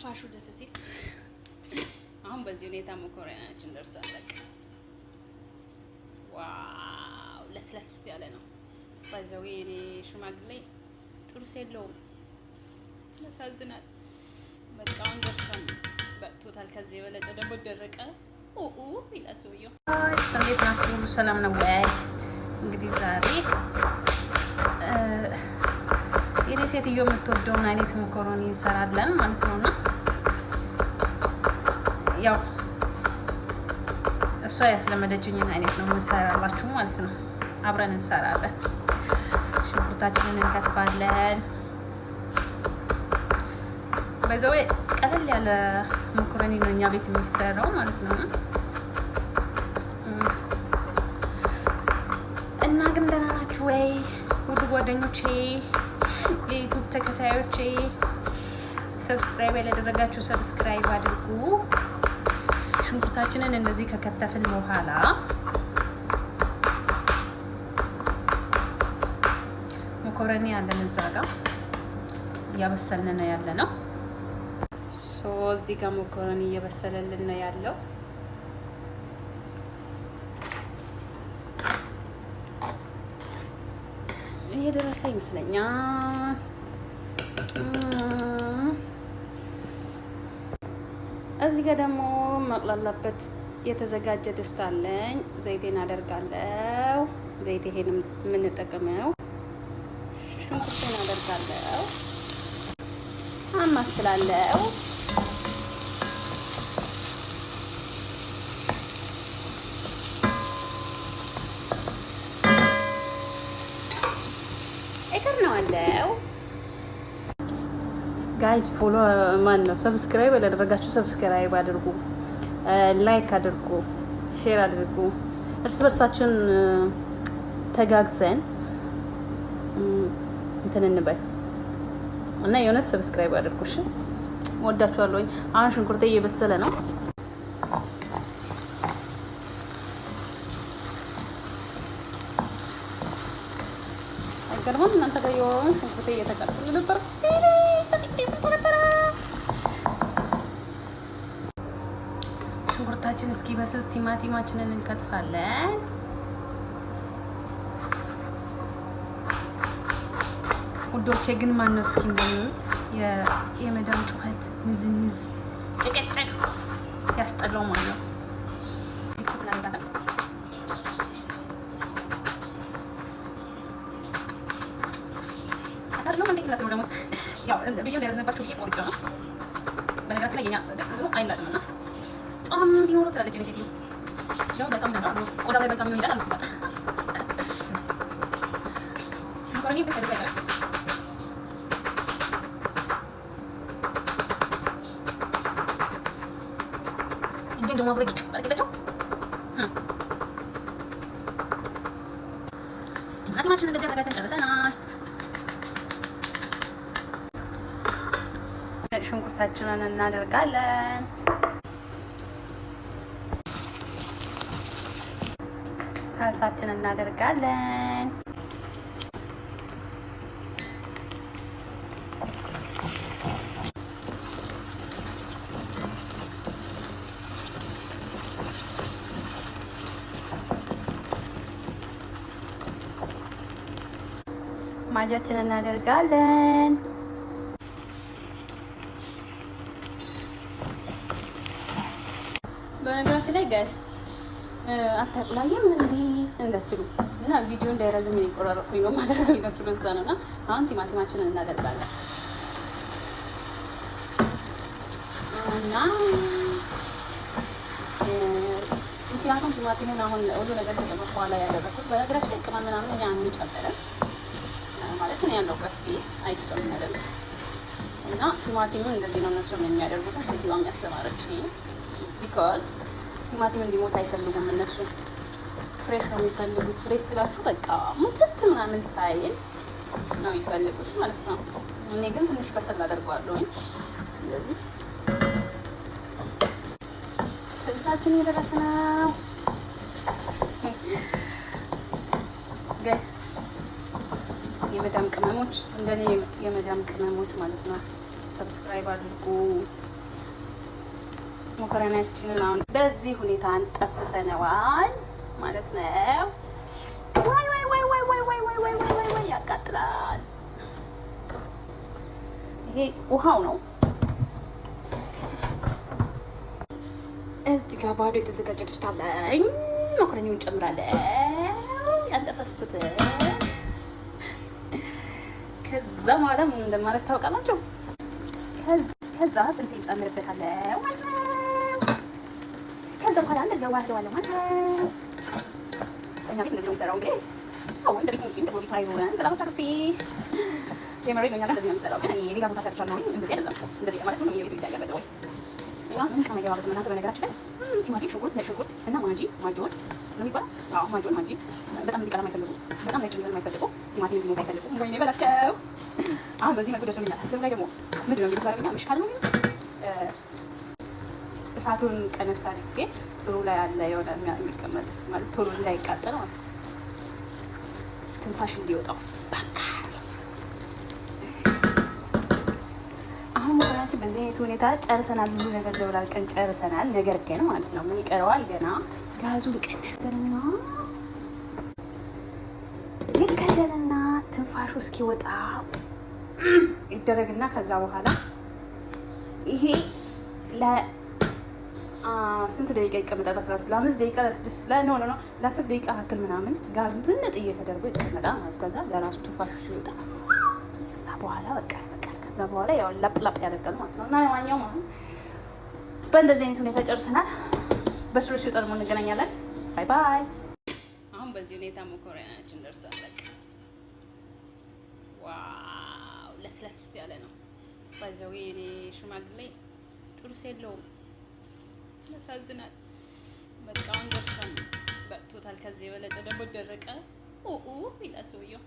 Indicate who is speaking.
Speaker 1: ትንፋሹ ደስ ሲል አሁን በዚህ ሁኔታ መኮረናችን ደርሷል። ዋው ለስለስ ያለ ነው። ባይዘው የኔ ሽማግሌ ጥሩ የለውም። ያሳዝናል። በቃውን ደርሷል። በቅቶታል። ከዚህ የበለጠ ደግሞ ደረቀ ኡኡ ይላል ሰውየው። ሰሜት ናችሁ? ሰላም ነው ወይ? እንግዲህ ዛሬ ሴትዮ የምትወደውን አይነት መኮሮኒ እንሰራለን ማለት ነው። እና ያው እሷ ያስለመደችኝን አይነት ነው የምንሰራላችሁ ማለት ነው። አብረን እንሰራለን። ሽንኩርታችንን እንከትፋለን። በዛው ቀለል ያለ መኮረኒ ነው እኛ ቤት የሚሰራው ማለት ነው። እና ግን ደህና ናችሁ ወይ ውድ ጓደኞቼ? የዩቱብ ተከታዮች ሰብስክራይብ ያላደረጋችሁ ሰብስክራይብ አድርጉ። ሽንኩርታችንን እንደዚህ ከከተፍን በኋላ መኮረኒ ያለን እዛ ጋር እያበሰልን ነው ያለ ነው። እዚህ ጋር መኮረኒ እየበሰለልን ነው ያለው። ይሄ ደረሰ ይመስለኛል። እዚህ ጋር ደግሞ መቁላላበት የተዘጋጀ ድስት አለኝ። ዘይቴን አደርጋለሁ። ዘይቴ ይሄን የምንጠቀመው ሽንኩርቴን አደርጋለሁ። አማስላለሁ ጋይስ ፎሎ ማን ነው ሰብስክራይብ ያላደረጋችሁ ሰብስክራይብ አድርጉ፣ ላይክ uh, አድርጉ፣ ሼር አድርጉ። እርስ በርሳችን uh, ተጋግዘን mm, እንትን እንበል እና የእውነት ሰብስክራይብ አድርጉ። እሺ ወዳችኋለሁ። አሁን ሽንኩርቴ እየበሰለ ነው። አይገርምም እናንተ ጋር የሆነ ሽንኩርቴ ነበር። እስኪ እስኪበስል ቲማቲማችንን እንከትፋለን። ውዶቼ ግን ማን ነው እስኪ እንደሚሉት የመዳም ጩኸት ንዝንዝ፣ ጭቅጭቅ ያስጠላው ማለት ነው። ያው ብዬ ያዝነባቸው ብዬ ቆርጬ ነው። በነገራችን ላይ የኛ አይላጥምና ጣዕም እንዲኖረው ትላለች። ሴት ያው በጣም ነገር ቆዳ ላይ በጣም ይላል አመስላል መኮረኒ በሰደቀ እጅን ደግሞ አብረግጭ ቲማቲማችን እንደዚህ አረጋግጠን ጨርሰናል። ሽንኩርታችንን እናደርጋለን። salsat yang nak terkadang. Maju cina nader galen. Mana nasi lagi guys? አታቅላየም እንዲ እንደትሉ እና ቪዲዮ እንዳይረዝም የቆራረጥኩኝ ነው ማደረግልጋችሁ ለዛ ነው። እና አሁን ቲማቲማችን እናደርጋለን እና ምክንያቱም ቲማቲምን አሁን ሁሉ ነገር ተጠበቅ በኋላ ያደረኩት በነገራችን ላይ ቅመም ምናምን እኔ አንጨምርም ማለት ነው ያለሁበት ቤት አይጨምርም። እና ቲማቲምን እንደዚህ ነው እነሱ የሚያደርጉት ሴትዋ የሚያስተማረች ቢካዝ ቲማቲም እንዲሞት አይፈልጉም እነሱ ፍሬሽ ነው የሚፈልጉት። ፍሬሽ ስላችሁ በቃ ሙትት ምናምን ሳይል ነው የሚፈልጉት ማለት ነው። እኔ ግን ትንሽ በሰል አደርገዋለሁ። ስለዚህ ስልሳችን እየደረሰ ነው ጋይስ። የመዳም ቅመሞች እንደኔ የመዳም ቅመሞች ማለት ነው። ሰብስክራይብ አድርጉ። መኮረናችንን አሁን በዚህ ሁኔታ አንጠፍፈነዋል ማለት ነው። ዋይ ዋይ ዋይ ዋይ ዋይ ዋይ ዋይ ዋይ ዋይ ዋይ ያቃጥላል። ይሄ ውሃው ነው። እዚህ ጋር ባዶ የተዘጋጀ ድስት አለኝ። መኮረኒውን ጨምራለሁ ያንጠፈፍኩትን። ከዛ ማለት ምን እንደማደርግ ታውቃላችሁ? ከዛ ስልሴ ጨምርበታለሁ ማለት ነው። ከአንተ ቤት እንደዚህ የሚሰራው። እንግዲህ ሰው እንደ ቤት እንጂ እንደ ሽንኩርት፣ እና ማጂ ማጆን ነው የሚባለው። ማጆን ማጂ በጣም እንዲቀላ የማይፈልጉ በጣም ነጭ እንዲሆን የማይፈልጉ ቲማቲም እንዲሞት አይፈልጉ። ወይኔ በላቸው። አሁን በዚህ መልኩ ደርሶልኛል። ስም ላይ ደግሞ ምንድን ነው እንግዲህ ምሽካል ነው እሳቱን ቀነሳ አድርጌ ስሩ ላይ አለ የሆነ የሚቀመጥ ማለት ቶሎ እንዳይቃጠል ማለት ነው፣ ትንፋሽ እንዲወጣው አሁን ወራችን በዚህ አይነት ሁኔታ ጨርሰናል። ብዙ ነገር ደውላል ቀን ጨርሰናል። ነገር ግን ማለት ነው ምን ይቀረዋል ገና ጋዙን ቀነስ ገና ይከደንና ትንፋሹ እስኪወጣ ይደረግና ከዛ በኋላ ይሄ ስንት ደቂቃ ይቀመጣል? በስራት ለአምስት ደቂቃ ለስድስት ላይ ነው ነው ለአስር ደቂቃ ያክል ምናምን ጋዝ ትንጥ እየተደርጎ ይቀመጣል ማለት ከዛ ለራሱ ቱፋሽ ሲወጣ ከዛ በኋላ በቃ በቃ ከዛ በኋላ ያው ላፕላፕ ያደርጋል ማለት ነው። እና ለማንኛውም አሁን በእንደዚህ አይነት ሁኔታ ጨርሰናል። በስሩ ሲወጣ ደግሞ እንገናኛለን። ባይ ባይ። አሁን በዚህ ሁኔታ መኮረናችን ደርሷል። በቃ ዋው ለስለስ ያለ ነው። ባይዘው ሽማግሌ ጥሩስ የለውም ያሳዝናል። በቃ አሁን ደርሷል፣ በቅቶታል። ከዚህ የበለጠ ደግሞ ደረቀ ኡ ይላል ሰውየው።